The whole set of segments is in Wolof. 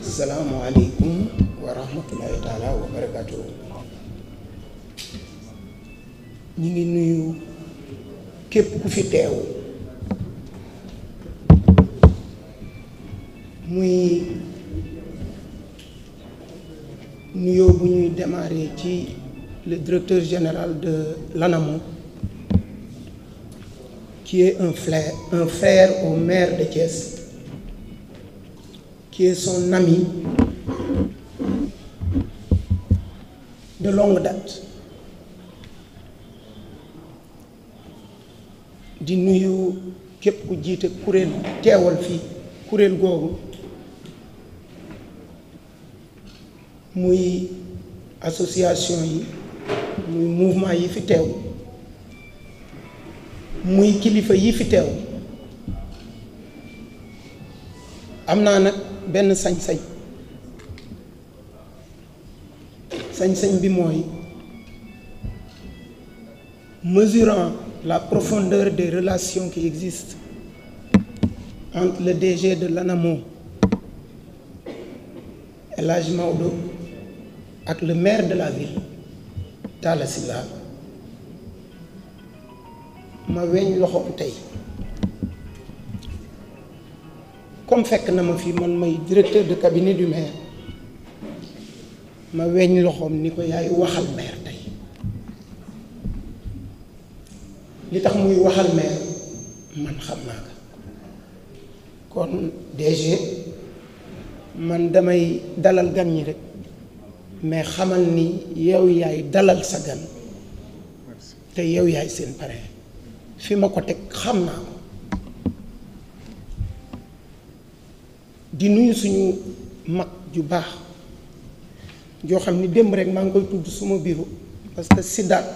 asalaamualeykum wa rahmatullahi taala wa barakatuhu ngi nuyu képp ku fi teew muy nuyoo bu ñuy démarrer ci le directeur général de l'ANAMO ci est un frère un frère au maire de Thiès qui est son ami date di nuyu képp ku jiite kuréel teewal fii kuréel googu muy association yi muy mouvement yi fi teew muy kilifa yi fi teew am naa nag benn sañ-sañ sañ-sañ bi mooy mesurant la profondeur des relations qui existent entre le DG de l'ANAMO El Hadj ak le maire de la ville Talla Sylla ma weñ loxoom tey comme fekk na ma fi man may directeur de cabinet du maire ma weñ loxoom ni ko yaay waxal maire tey li tax muy waxal maire man xam naa ko kon DG man damay dalal gan ñi rek mais xamal ni yow yaay dalal sa gan te yow yaay seen pare fi ma ko teg xam naa ko di nuyu suñu mag ju baax joo xam ni démb rek maa ngi koy tudd suma biiru parce que Sidaat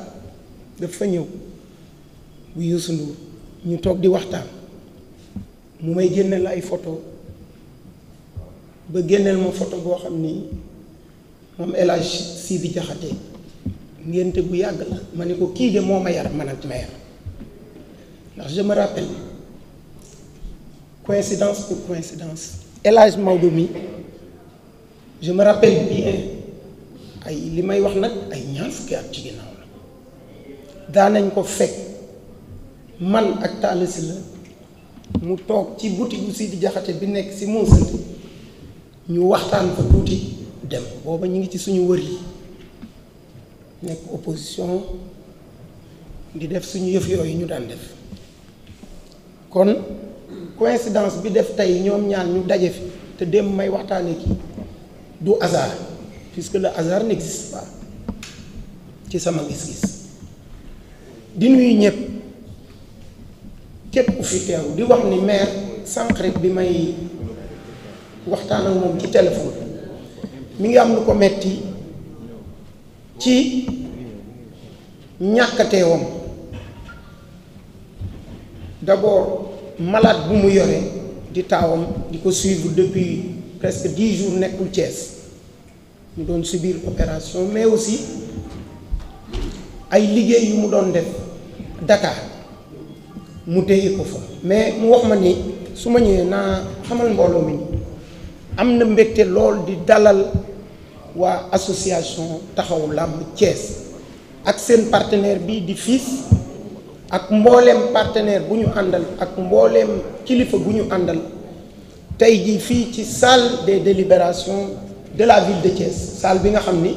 dafa ñëw bu Youssou Ndour ñu toog di waxtaan mu may génneel ay photo ba génneel ma photo boo xam ni moom El Hadj Sidi Diakhaté ngénte bu yàgg la ma ne ko kii de moo ma yar man ak ma yar ndax je rappelle coïncidence pour coïncidence El Hadj mi je me rappelle bien ay li may wax nag ay ñaar fukki at ci ginnaaw la daanañ ko fekk man ak Talla la mu toog ci boutique bu Sidi Jaxate bi nekk si Moussa ñu waxtaan ko tuuti dem booba ñu ngi ci suñu wër yi nekk opposition di def suñu yëf yooyu ñu daan def kon coïncidence bi def tey ñoom ñaar ñu daje fi te dem may waxtaanee kii du hasard puisque le hasard n'existe pas ci sama gis-gis di nuyu ñëpp képp ku fi teew di wax ni maire sànq bi may waxtaan moom ci téléphone mi ngi am lu ko metti ci ñàkkateewam d'abord malaat bi mu yore di taawam di ko suivre depuis presque dix jours nekkul Thiès mu doon subir opération mais aussi ay liggéey yu mu doon def Dakar mu téye ko fa mais mu wax ma ni su ma ñëwee naa xamal mbooloo mi am na mbégte lool di dalal waa association taxawu làmb Thiès ak seen partenaire bi di FILS ak mbooleem partenaire bu ñu àndal ak mbooleem kilifa bu ñu àndal tey jii fii ci salle des délibérations de la ville de Thiès salle bi nga xam ni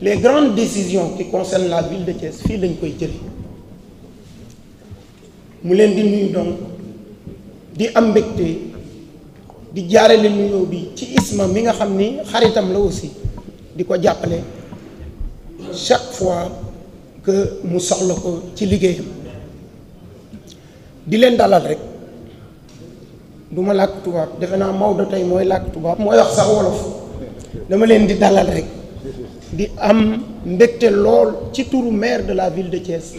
les grandes décisions qui concernent la ville de Thiès fii lañ koy jël mu leen di nuyu donc di am mbégte di jaarale nuyoo bi ci Isma mi nga xam ni xaritam la aussi di ko jàppale chaque fois que mu soxla ko ci liggéeyam di leen dalal rek duma ma làkk tubaab defe naa Maodo tey mooy làkk tubaab mooy wax sax wolof dama leen di dalal rek di am mbégte lool ci turu maire de la ville de Thiès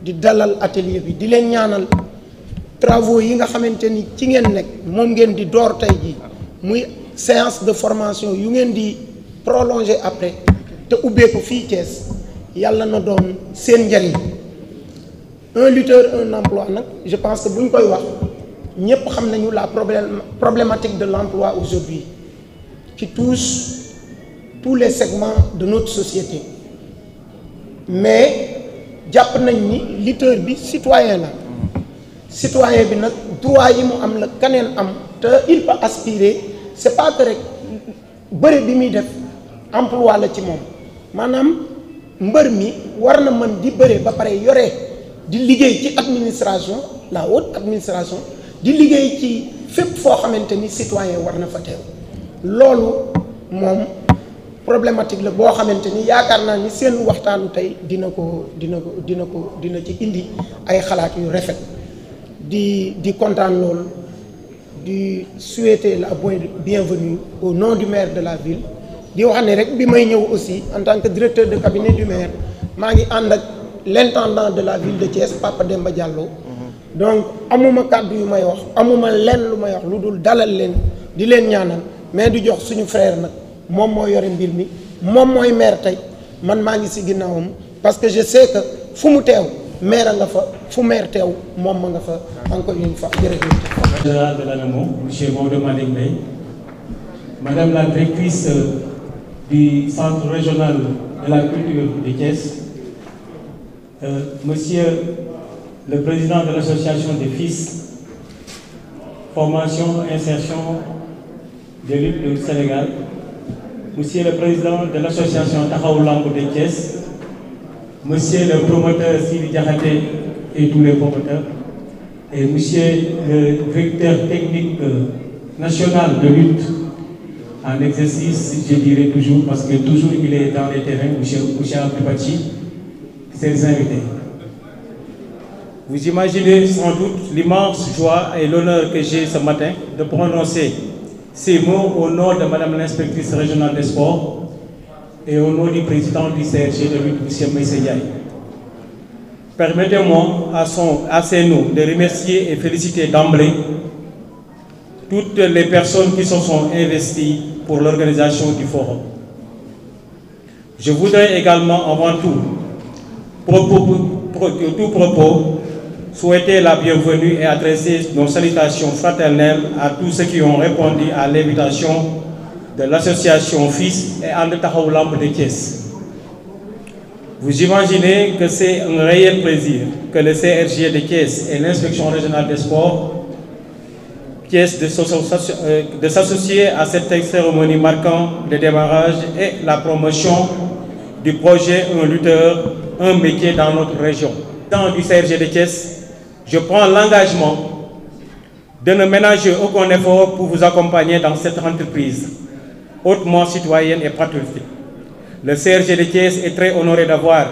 di dalal atelier bi di leen ñaanal travaux yi nga xamante ni ci ngeen nekk moom ngeen di door tey jii muy séance de formation yu ngeen di prolonger après te ubbee ko fii Thiès yàlla na doon seen njariñ un lutteur un emploi nag je pense que bu ñu koy wax ñëpp xam nañu la problématique de l'emploi aujourd'hui qui touche tous les segments de notre société mais jàpp nañ ni lutteur bi citoyen la citoyen bi nag droit yi mu am la keneen am te il peut aspirer c'est pas que rek bëre bi muy def emploi la ci moom maanaam mbër mi war na mën di bëre ba pare yore di liggéey ci administration la haute administration di liggéey ci fépp foo xamante ni citoyen war na fa teew loolu moom problématique la boo xamante ni yaakaar naa ni seen waxtaanu tey dina ko dina ko dina ko dina ci indi ay xalaat yu rafet di di kontaan loolu di souhaiter la bonne bienvenue au non du maire de la ville di wax ne rek bi may ñëw aussi en tant que directeur de cabinet du maire maa ngi ànd ak l'intendant de la ville de Thiès Papa Demba Diallo. donc amuma kàddu yu may wax amuma lenn lu may wax lu dul dalal leen di leen ñaanal mais di jox suñu frère nag moom moo yore mbir mi moom mooy maire tey man maa ngi si ginnaawam parce que je sais fu mu teew maire nga fa fu maire teew moom ma nga fa encore une fois jërëjëf. général de l'ANAMO monsieur la directrice du centre régional de la culture de Thiès. Euh, monsieur le président de l'association des fils formation insertion des luttes du Sénégal monsieur le président de l'association Taxawu Lamb de Thiès monsieur le promoteur Sidi Diakhaté et tous les promoteurs et monsieur le directeur technique euh, national de lutte en exercice je dirais toujours parce que toujours il est dans les terrains monsieur monsieur Abdou Badji ses invités. Vous imaginez sans doute l'immense joie et l'honneur que j'ai ce matin de prononcer ces mots au nom de Madame l'inspectrice régionale des et au nom du président du CRG de lutte, M. Messeyaï. Permettez-moi à, son, noms de remercier et féliciter d'emblée toutes les personnes qui se sont investies pour l'organisation du forum. Je voudrais également avant tout propos, tout souhaiter la bienvenue et adresser nos salutations fraternelles à tous ceux qui ont répondu à l'invitation de l'association Fils et Ande Taxawu Lamb de Thiès. Vous imaginez que c'est un réel plaisir que le CRG de Thiès et l'inspection régionale des sports euh, de s'associer à cette cérémonie marquant le démarrage et la promotion du projet Un lutteur un métier dans notre région. Dans du CRG de Thiès, je prends l'engagement de ne ménager aucun effort pour vous accompagner dans cette entreprise hautement citoyenne et patriotique. Le CRG de Thiès est très honoré d'avoir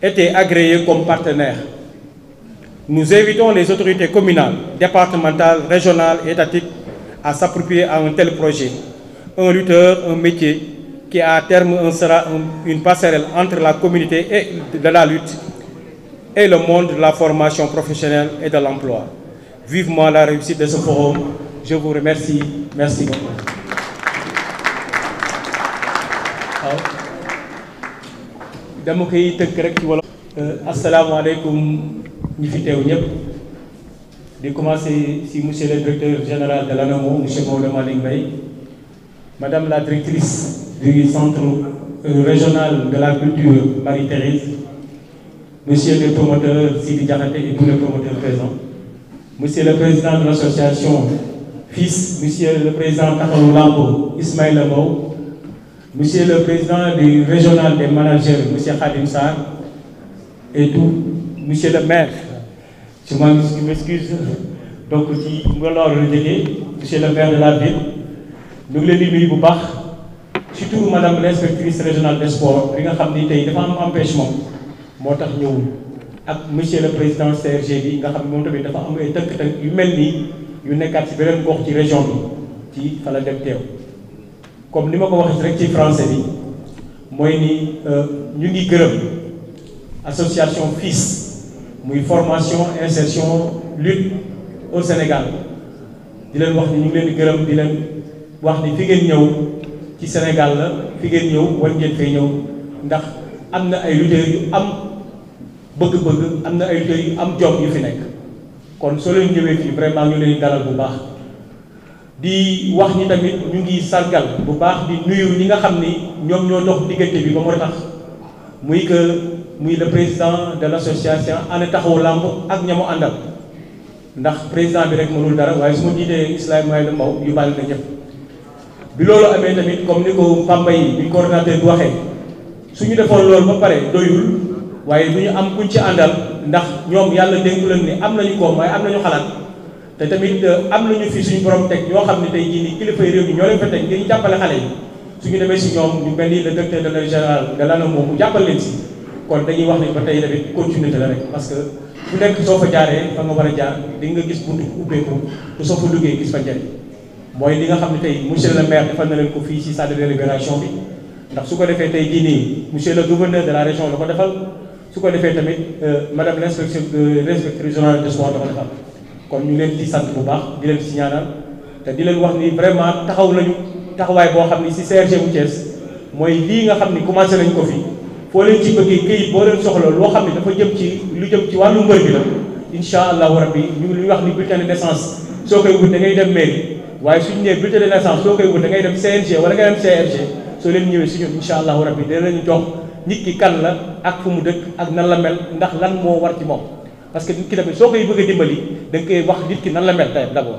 été agréé comme partenaire. Nous invitons les autorités communales, départementales, régionales et étatiques à s'approprier à un tel projet. Un lutteur, un métier, qui à terme un sera un, une passerelle entre la communauté et de la lutte et le monde de la formation professionnelle et de l'emploi. Vivement la réussite de ce forum. Je vous remercie. Merci beaucoup. waaw dama koy tënk rek ci wala euh, asalaamaaleykum ñi fi teew ñëpp di commencer si monsieur le directeur général de l'ANAMO monsieur Maodo Malick Mbaye madame la directrice du centre euh, régional de la culture Marie-Thérèse, monsieur le promoteur Sidi Diakhaté et tous les promoteurs présents, monsieur le président de l'association FIS, monsieur le président Takarou Lambo, Ismaël Mou, monsieur le président du régional des managers, monsieur Khadim Sar, et tout, monsieur le maire, je m'excuse, donc ci Ngolor la jógee monsieur le maire de la ville, ñu ngi di nuyu bu baax. surtout madame l'inspectrice régionale des sports bi nga xam ni tey dafa am empêchement moo tax ñëwul ak monsieur le président CRG bi nga xam ne moom tamit dafa am ay tënk yu mel nii yu nekkaat ci beneen gox ci région bi ci fa dem teew comme li ma ko wax rek ci français bi mooy ni euh, ñu ngi gërëm association FILS muy formation insertion lutte au Sénégal di leen wax ni ñu ngi leen gërëm di leen wax ni fi ngeen ñëw ci Sénégal la fi ngeen ñëw war ngeen fay ñëw ndax am na ay lutteurs yu am bëgg-bëgg am na ay lutteurs yu am job yu fi nekk kon soo leen ñëwee fii vraiment ñu leen dalal bu baax di wax ni tamit ñu ngi sargal bu baax di nuyu ñi nga xam ni ñoom ñoo dox diggante bi ba mu tax muy que muy le président de l'association ana taxawu làmb ak ñamu àndal ndax président bi rek mënul dara waaye su ma jiitee Ismaïla Mbaw yu bàyyi na ñëpp bi loolu amee tamit comme ni ko Pamba yi bi coordonnateur bi waxee suñu defoon loolu ba pare doyul waaye lu ñu am kuñ ci àndal ndax ñoom yàlla dénku leen ni am nañu koom waaye am nañu xalaat te tamit euh, am nañu fi suñu borom teg ñoo xam ne tey jii nii yi réew mi ñoo leen fa teg ngir ñu jàppale xale yi suñu demee si ñoom ñu mel ni le directeur de général de l'ANAMO mu jàppal leen si kon dañuy wax ne ba tey tamit continuité la rek parce que fu nekk soo jaaree fa nga jaar di nga gis buntu ubbeeku soo fa duggee gis fa njëriñ mooy li nga xam ne tey monsieur le maire defal na leen ko fii ci salle de bi ndax su ko defee tey jii nii monsieur le gouverneur de la région la ko defal su ko defee tamit euh, madame l' inspection euh, l'inspectrice régionale des sports la ko defal kon ñu leen ci sant bu baax di leen si ñaanal te di leen wax ni vraiment taxaw nañu taxawaay boo xam ni ci CRG bu Thiès mooy lii nga xam ni commencé nañ ko fii foo leen ci bëggee këyit boo leen soxla loo xam ne dafa jëm ci lu jëm ci wàllu incha allahu rabbi lu ñu wax ni bulletin de naissance soo koy da ngay dem mairie waaye suñu nee bulletin de naissance soo koy wut da ngay dem CNG wala nga dem CRG soo leen ñëwee si ñun incha allahu rabbi dina lañu jox nit ki kan la ak fu mu dëkk ak nan la mel ndax lan moo war ci moom parce que nit ki tamit soo koy bëgg dimbali da koy wax nit ki nan la mel tamit d'abord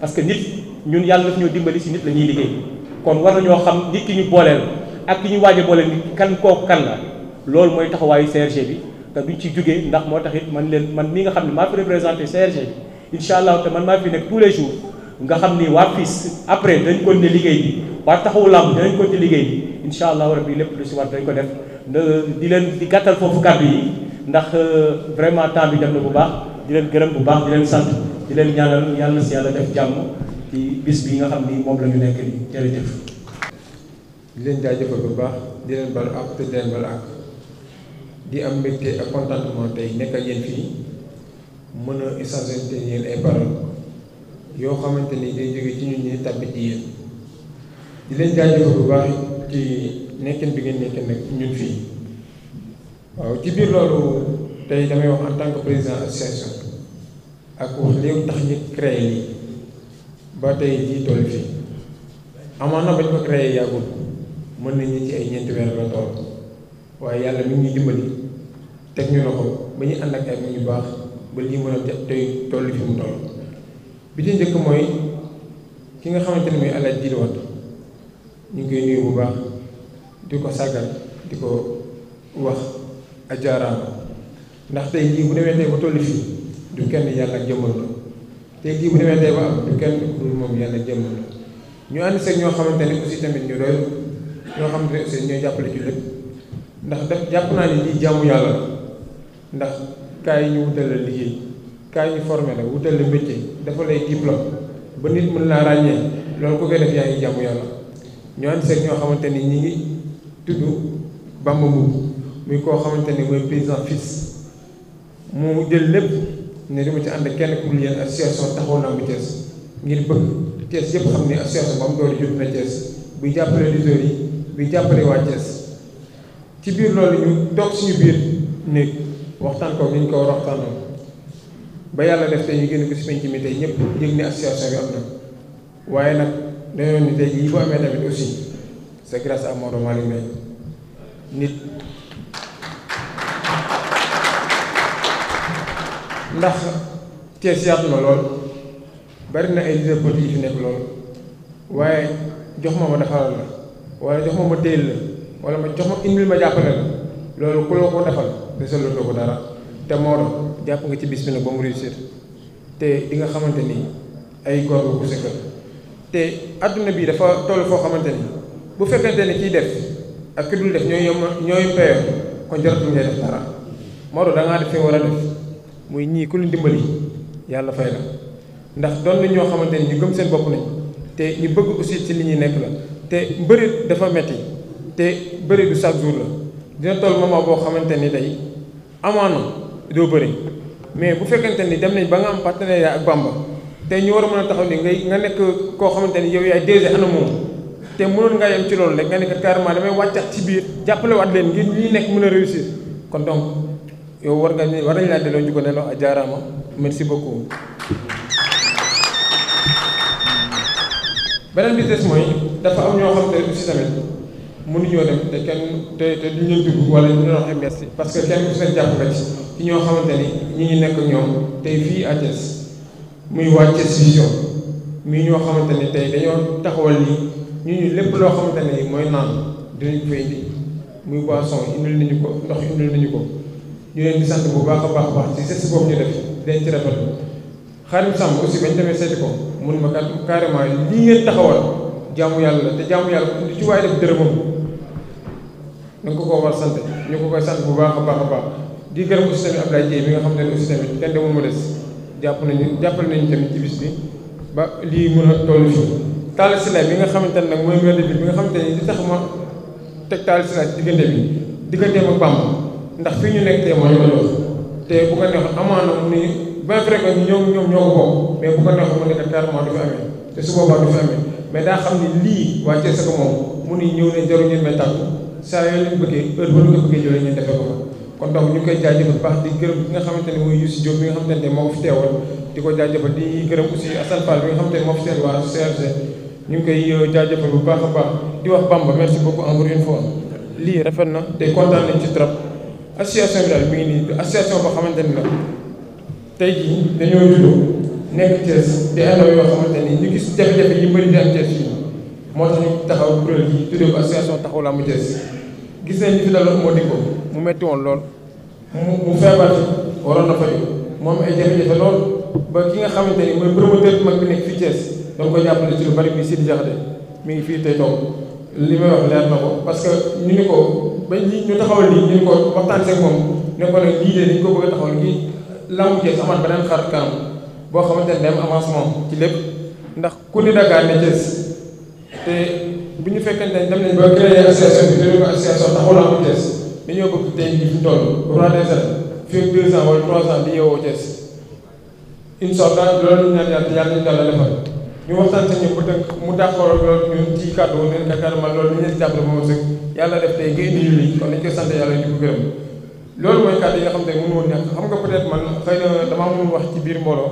parce que nit ñun yàlla daf ñoo dimbali si nit la ñuy liggéey kon war na ñoo xam nit ki ñu booleel ak ki ñu waaj a booleel nit kan kooku kan la loolu mooy taxawaayu CRG bi te duñ ci jógee ndax moo tax man leen man mi nga xam ne maa fi représenté CRG bi incha allah te man maa fi nekk tous les jours nga xam ni waa FIS après dañ ko ne liggéey bi waa taxawu làmb dinañ ko ne liggéey bi incha allah rabbi lépp lu si war dañ ko def di leen di gàttal foofu kàddu yi ndax euh, vraiment temps bi dem na bu baax di leen gërëm bu baax di leen sant di leen ñaanal yàlla na si yàlla def jàmm ci bis bi nga xam ni moom la ñu nekk nii jërëjëf. di leen jaajëfal bu baax di leen balu ak te di leen balu di am mbégte ak contentement tey nekk ak yéen fii mën a échanger yéen yoo xamante ni day jóge ci ñun ñi tàbbi ci yéen di leen jaajëfal bu baax ci nekkin bi ngeen nekkin nag ñun fii waaw ci biir loolu tey damay wax en tant que président association ak wax léegi tax ñu créé lii ba tey jii toll fii amoon na ba ñu ko créé yàggul mën nañu ci ay ñeenti weer la toll waaye yàlla mi ngi ñu dimbali teg ba ñu ànd ak ay mu ñu baax ba lii mën a tey toll fi mu toll. bi ci njëkk mooy ki nga xamante ne mooy El Hadj Djily ñu ngi nuyu bu baax di ko sàggal di ko wax ajaaraama ndax tey jii bu demee tey ba tollu fii du kenn yàlla jëmmal la te jii bu demee tey ba am du kenn ku moom yàlla jëmmal la ñu ànd seeg ñoo xamante ne aussi tamit ñu doy ñoo xamante ne aussi ñooy jàppale ci ndax def jàpp naa ni lii jàmmu yàlla ndax kaay ñu wutal la liggéey kaay ñu formé la wutal la métier dafa lay ba nit mën laa ràññee loolu ku koy def yaa ngi jàmm yàlla ñoo ànd seeg ñoo xamante ni ñu ngi tudd Bamba Mbuub muy koo xamante ni mooy président moo mu jël lépp ne dama ci ànd kenn ku yéen association taxaw naa bu Thiès ngir bëgg Thiès yëpp xam ne association ba am doole jot na Thiès buy jàppale lutteurs yi buy jàppale waa Thiès ci biir loolu ñu toog suñu biir néeg waxtaan ko ni ko war a ba yàlla def te ñu génn ko si mi tey ñëpp yëg ni association bi am na waaye nag dañoo ni aussi c'est grâce à Maodo nit ndax Thiès yaatu na lool bari na ay leader politique yi fi nekk lool waaye jox ma ma defaral la wala jox ma ma téyel la wala ma jox ma indil ma jàppale la loolu ku la ko defal desaloo ko dara te Mor jàpp nga ci bis bi nag ba mu réussir te di nga xamante ni ay góor nga ko sëkkal te àdduna bi dafa toll foo xamante ni bu fekkente ni kiy def ak ki dul def ñooy yom ñooy payoo kon jaratul ngay def dara Mor da ngaa def war a def muy ñii ku leen dimbali yàlla fay la ndax doon ñoo xamante ni ñu gëm seen bopp nañ te ñu bëgg aussi ci li ñuy nekk la te mbëri dafa metti te bëri du chaque jour la dina toll moment boo xamante ni day amaana. doo bëri mais bu fekkente ni dem nañ ba nga am partenariat ak Bamba te ñu war a mën a taxaw ni ngay nga nekk koo xamante ni yow yaay DG ana moom te mënoon ngaa ci loolu rek nga nekk carrément damay wàccax ci biir jàppale waat leen ngir nekk mën a réussir kon donc yow war nga war nañ laa delloo njukkal ne la jaaraama merci beaucoup. beneen bi des mooy dafa am ñoo xam te aussi tamit mënuñoo dem te kenn te te duñ leen dugg wala ñu merci parce que kenn ku seen jàpp nga ci. ci ñoo xamante ni ñu ngi nekk ñoom tey fii à Thiès muy waa Thiès Vision muy ñoo xamante ni tey dañoo taxawal nii ñu ñu lépp loo xamante ne mooy naan dinañ ko fay indi muy boisson indil nañu ko ndox indil lañu ko ñu leen di sant bu baax a baax baax ci geste boobu ñu def dañ ci rafet Xaadim Samb aussi bañ demee seeti ko mun ma kat carrément lii ngeen taxawal jaamu yàlla la te jaamu yàlla lu ci waaye def dërëmam na nga ko ko war sant ñu ko koy sant bu baax a baax a baax di gërëm aussi tamit Abdoulaye Dieye mi nga xam ne aussi tamit kenn demul mu des jàpp nañu bi ba lii mën a toll fii bi nga xamante ne nag mooy maire de bi nga xamante ne li tax ma teg Talla Sylla ci diggante bi digganteem ak Bamba ndax fii ñu nekk tey mooy te bu ko neexoon amaana mu ni ko bokk su boobaa du mais daa xam ne lii waa Thiès ak moom mu ni ne jarul ñu may tàggu saa yoo leen bëggee heure bu ñu ko bëggee jëlee ñu defee ko kon donc ñu ngi koy jaajëfal baax di gërëm bi nga xamante ne mooy Youssou Diop bi nga xamante ne moo fi teewal di ko jaajëfal di gërëm aussi Assane Fall bi nga xamante ne moo fi seen ñu ngi koy euh, jaajëfal bu baax a baax di wax Bamba merci beaucoup encore une fois lii rafet na te kontaan nañ ci trop association bi daal mi ngi nii association boo xamante ni la tey jii dañoo juddoo nekk Thiès te àndoo yoo xamante ni ñu gis jafe-jafe yi bëri di am Thiès moo tax ñu taxaw kuréel yi tuddee ko association taxaw la mu Thiès gis nañ li fi daloon moo dikko mu metti woon lool mu feebar waroon na faju moom ay jafe-jafe lool ba ki nga xamante ni mooy promoteur mag bi nekk fii Thiès danga koy jàppale ci lu bari mi ngi fii tey toog li may wax leer na ko parce que ñu ni ko ba ñi ñu taxawal lii ñu ni ko waxtaan seeg moom ne ko nag lii de ni ko bëgg a taxawal gi lamb Thiès amaat beneen xar kanam boo xamante dem avancement ci lépp ndax ku ni Dakar ne Thiès te bu ñu fekkee ne dem nañ ba créé association bi créé ko association taxaw naa ko Thiès dañoo bëgg tey jii fi ñu toll roi des arènes fii ak deux ans wala trois ans di yeewoo Thiès incha loolu ñu naan yàlla yàlla nañu mu d'accord loolu ñun ci kàddu ne carrément loolu ñu leen jàppale ba yàlla def te nga indi ñu lii kon dañ koy sant yàlla di ko gërëm loolu mooy kàddu yi nga xam te mënu woon nekk xam nga peut être man xëy dama damaa wax ci biir mbooloo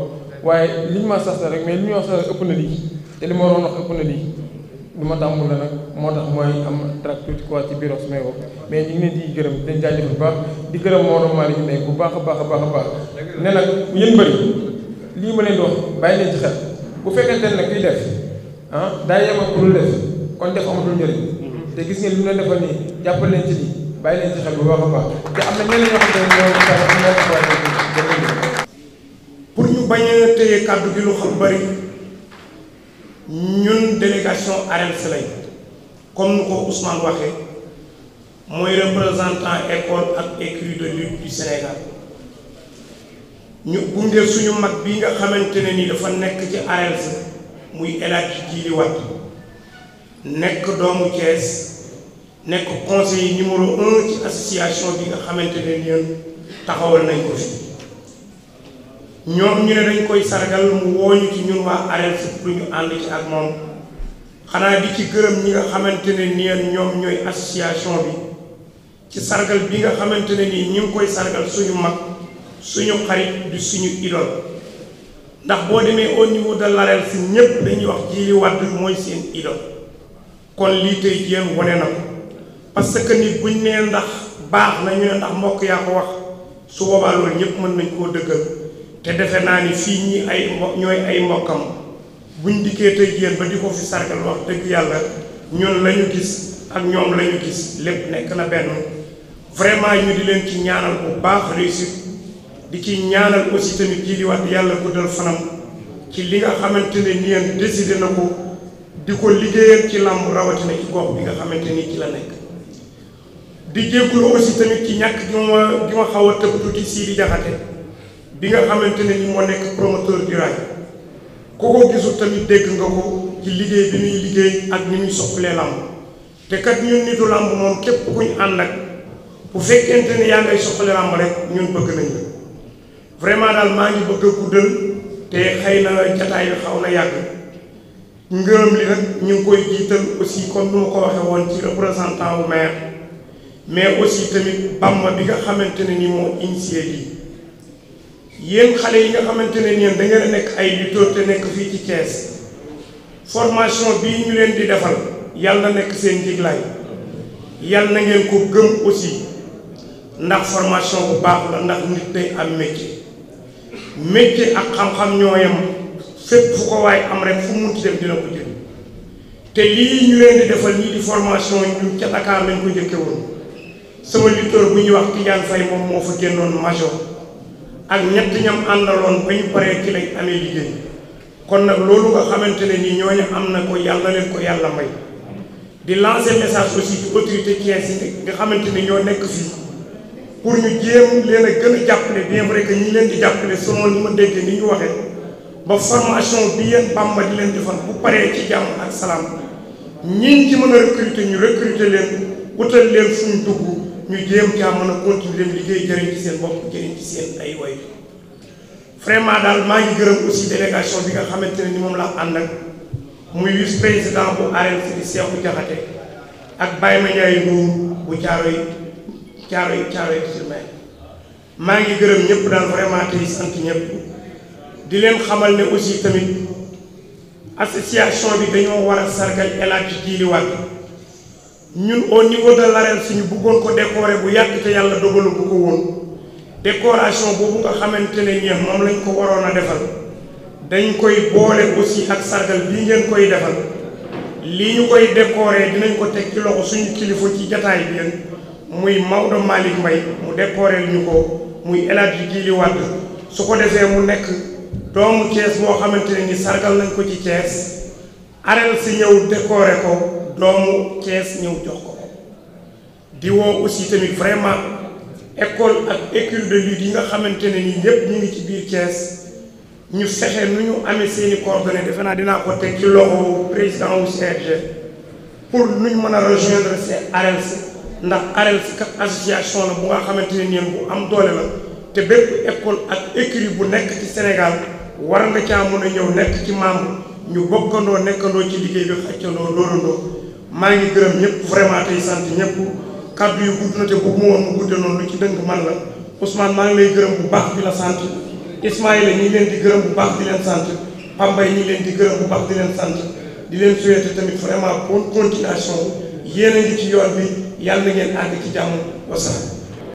waaye liñ ma sas rek mais li ñu wax sa ëpp na lii te li ma waroon ëpp na lii lu ma tàmbul nag moo tax mooy am trac tuuti ci biir su may wax mais ñu ngi di gërëm dañ jaajëfal bu baax di gërëm Maodo Malick Mbaye bu baax a baax a baax a baax ne nag yéen bëri lii ma leen di wax bàyyi leen ci xel bu fekkente ne nag kuy def ah daa yem ak lu def kon def amatul njëriñ te gis ngeen lu ñu leen defal nii jàppal leen ci lii bàyyi leen ci xel bu baax a baax te am na ñeneen ñoo xam ne ñoo tax ñoo tax pour ñu bañ a téye kàddu gi lu xam bëri ñun délégation AREMS lañ comme nu ko Ousmane waxee mooy représentant école ak écurie de du Sénégal ñu gunge suñu mag bi nga xamante ne ni dafa nekk ci AREMS muy El Hadji Djili Wade nekk doomu Thiès nekk conseiller numéro un ci association bi nga xamante ne ni taxawal nañ ko fi ñoom ñu ne dañ koy sargal mu wooñu ci ñun waa arène su pour ñu ànd ci ak moom xanaa di ci gërëm ñi nga xamante ne nii ñoom ñooy association bi ci sargal bi nga xamante ne nii ñu ngi koy sargal suñu mag suñu xarit di suñu idol ndax boo demee au niveau de l'arène si ñépp dañuy wax Djily Wade mooy seen idol kon lii tey jéem wane na ko parce que nit buñ nee ndax baax na ñu ne ndax mbokk yaa ko wax su boobaa loolu ñépp mën nañ koo dëggal te defe naa ni fii ñi ay ñooy ay mbokkam buñ dikkee tey jéen ba di ko fi sargal wax dëgg yàlla ñun lañu gis ak ñoom lañu gis lépp nekk na benn vraiment ñu di leen ci ñaanal bu baax réussite di ci ñaanal aussi tamit jii di wax yàlla guddal fanam ci li nga xamante ne nii décidé na ko di ko liggéeyal ci làmb rawatina ci gox bi nga xamante ni ci la nekk di jéggulu aussi tamit ci ñàkk gi ma gi ma xaw a tëb tuuti sii di jaxate bi nga xamante ne ni moo nekk promoteur du rail ku gisul tamit dégg nga ko ci liggéey bi ñuy liggéey ak ni ñuy soppalee làmb te kat ñun nitu làmb moom képp ku ñu ànd bu fekkente ne yaa ngay soppale làmb rek ñun bëgg nañ la vraiment daal maa ngi bëgg a guddal te xëy na jataay bi xaw na yàgg ngërëm li nag ñu ngi koy jiital aussi kon nu mu ko waxee woon ci représentant wu maire mais aussi tamit bàmma bi nga xamante ne ni moo initié lii yéen xale yi nga xamante ne yéen da ngeen nekk ay lutteur te nekk fii ci Thiès formation bii ñu leen di defal yàlla na nekk seen njiglaay yàlla na ngeen ko gëm aussi ndax formation bu baax la ndax nit day am métier métier ak xam-xam ñoo yem fépp fu ko waaye am rek fu mu munti dem dina ko jël te lii ñu leen di defal ñii di formation ñu ca Dakar lañ ko jëkke woon sama lutteur bu ñuy wax Tidiane Faye moom moo fa génnoon major ak ñett ñam àndaloon ba ñu paree ci lañ amee liggéey kon nag loolu nga xamante ne ni ñooñu am na ko yàlla leen ko yàlla may di lancer message aussi ci autorité Thiès yi nga xamante ne ñoo nekk fii pour ñu jéem leen a gën a jàppale bien vrai que ñi leen di jàppale selon ni ma déggee ni ñu waxee ba formation bi yéen Bamba di leen defal bu paree ci jàmm ak salaam ñiñ ci mën a ñu recruter leen wutal leen fu ñu ñu jéem caa mën a continuer dem liggéey ci seen bopp jëriñ ci seen ay way vraiment daal maa ngi gërëm aussi délégation bi nga xamante ne ni moom laa ànd ak muy vice président bu ARMC di Cheikhou Diakhaté ak Baye Mandiaye Ndour bu Thiaroye Thiaroye Thiaroye Germain maa ngi gërëm ñëpp daal vraiment tey sant ñëpp di leen xamal ne aussi tamit association bi dañoo war a sargal El Hadji ñun au niveau de l'arène suñu buggoon ko décorer bu yàgg te yàlla dogalu bu ko woon décoration boobu nga xamante ne ñeex moom lañ ko waroon a defal dañ koy boole aussi ak sargal bii ngeen koy defal lii ñu koy décorer dinañ ko teg ci loxo suñu kilifa ci jataay bi yéen muy Maodo Malick Mbaye mu décorer ñu ko muy El Hadji Djili su ko defee mu nekk doomu Thiès boo xamante ne ni sargal nañ ko ci Thiès arel si ñëw décorer ko doomu Thiès ñëw jox ko di woo aussi tamit vraiment école ak école de lutte yi nga xamante ne nii ñëpp ñu ngi ci biir Thiès ñu fexe nu ñu amee seeni coordonnées defe naa dinaa ko teg ci loxo président wu CRG pour nu ñu mën a rejoindre ces ARELS ndax ARELS kat association la bu nga xamante ne nii bu am doole la te bépp école ak écurie bu nekk ci Sénégal war nga caa mën a ñëw nekk ci membre ñu bokkandoo nekkandoo ci liggéey bi xàccandoo dóorandoo maa ngi gërëm ñëpp vraiment tey sant ñëpp kàddu yu gudd na te bëgg mu woon mu gudde noonu lu ci dëng man la Ousmane maa ngi lay gërëm bu baax di la sant Ismaïla ñi ngi leen di gërëm bu baax di leen sant Pambay ñi ngi leen di gërëm bu baax di leen sant di leen souhaiter tamit vraiment bonne continuation yéen a ngi ci yoon bi yàlla na ngeen àgg ci jàmm wasalaam